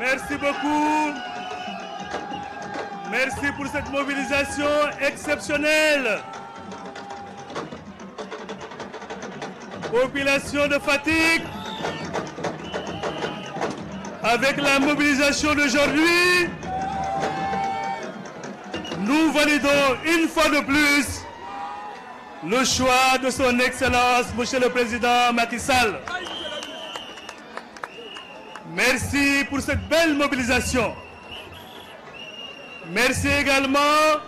Merci beaucoup. Merci pour cette mobilisation exceptionnelle. Population de fatigue. Avec la mobilisation d'aujourd'hui, nous validons une fois de plus le choix de son Excellence, Monsieur le Président Matissal. Merci pour cette belle mobilisation. Merci également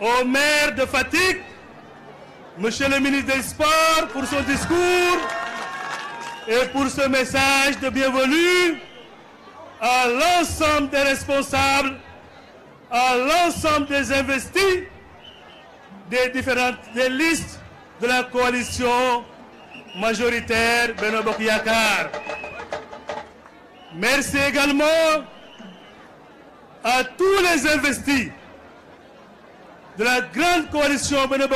au maire de Fatigue, Monsieur le ministre des Sports, pour son discours et pour ce message de bienvenue à l'ensemble des responsables, à l'ensemble des investis des différentes listes de la coalition majoritaire Benoît Merci également à tous les investis de la grande coalition Benoît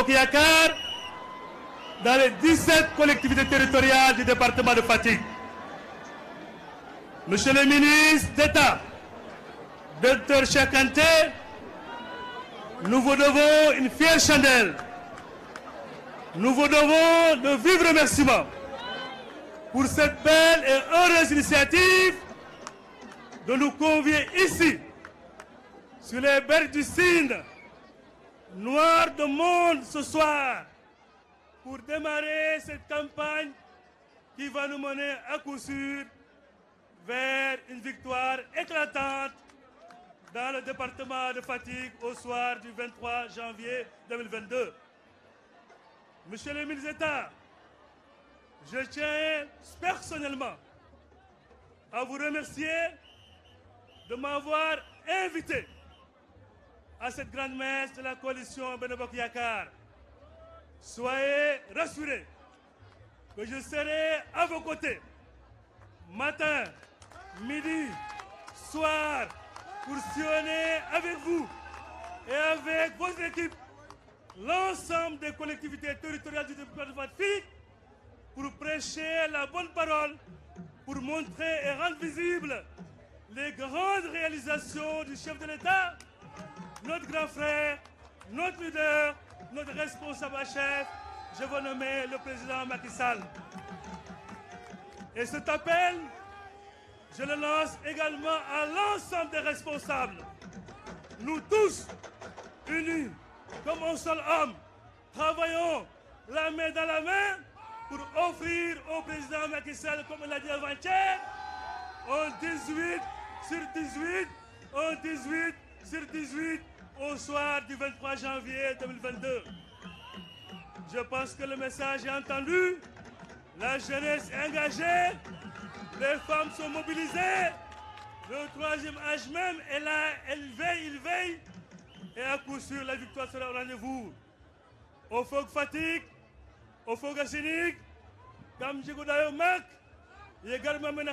dans les 17 collectivités territoriales du département de Fatigue. Monsieur le ministre d'État, docteur Chakante, nous vous devons une fière chandelle. Nous vous devons de vivre remerciements pour cette belle et heureuse initiative de nous convier ici, sur les berges du Sine, noir de monde ce soir, pour démarrer cette campagne qui va nous mener à coup sûr vers une victoire éclatante dans le département de fatigue au soir du 23 janvier 2022. Monsieur le ministre d'État, je tiens personnellement à vous remercier de m'avoir invité à cette grande messe de la coalition Benabok Yakar. Soyez rassurés que je serai à vos côtés, matin, midi, soir, pour sillonner avec vous et avec vos équipes l'ensemble des collectivités territoriales du département de fille pour prêcher la bonne parole, pour montrer et rendre visible les grandes réalisations du chef de l'État, notre grand frère, notre leader, notre responsable à chef, je veux nommer le président Macky Sall. Et cet appel, je le lance également à l'ensemble des responsables. Nous tous, unis, comme un seul homme, travaillons la main dans la main pour offrir au président Macky Sall, comme il l'a dit avant-hier, au 18 sur 18, au 18 sur 18 au soir du 23 janvier 2022. Je pense que le message est entendu. La jeunesse est engagée. Les femmes sont mobilisées. Le troisième âge même est là. Elle veille, il veille. Et à coup sûr, la victoire sera au rendez-vous. Au Fog Fatigue, au Fog Asinik, au mac, Mak,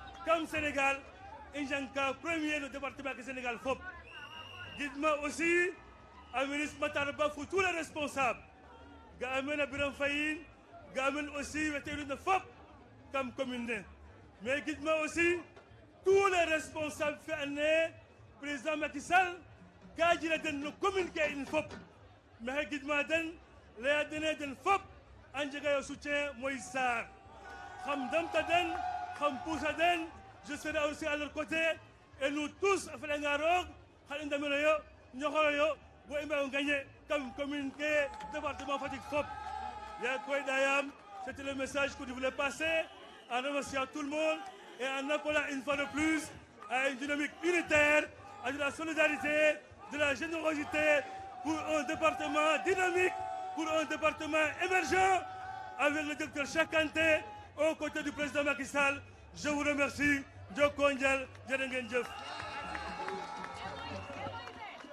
comme Sénégal Injanka premier le département du Sénégal FOP dites-moi aussi à ministre Matarba pour tous les responsables ga Abiram Fayin aussi wetelu FOP comme commune mais dites-moi aussi tous les responsables fait président Matissal, Sall den no commune ke in FOP mais dites-moi den les donné den FOP en soutien Moïse Sarr xam dem ta den je serai aussi à leur côté et nous tous a nous allons gagner comme communauté, département Fatigue fop c'était le message que je voulais passer en remerciant tout le monde et en appelant une fois de plus à une dynamique unitaire, à de la solidarité, de la générosité pour un département dynamique, pour un département émergent, avec le docteur Chakanté, aux côtés du président Macky Sall. Je vous remercie. Dieu congèle. Dieu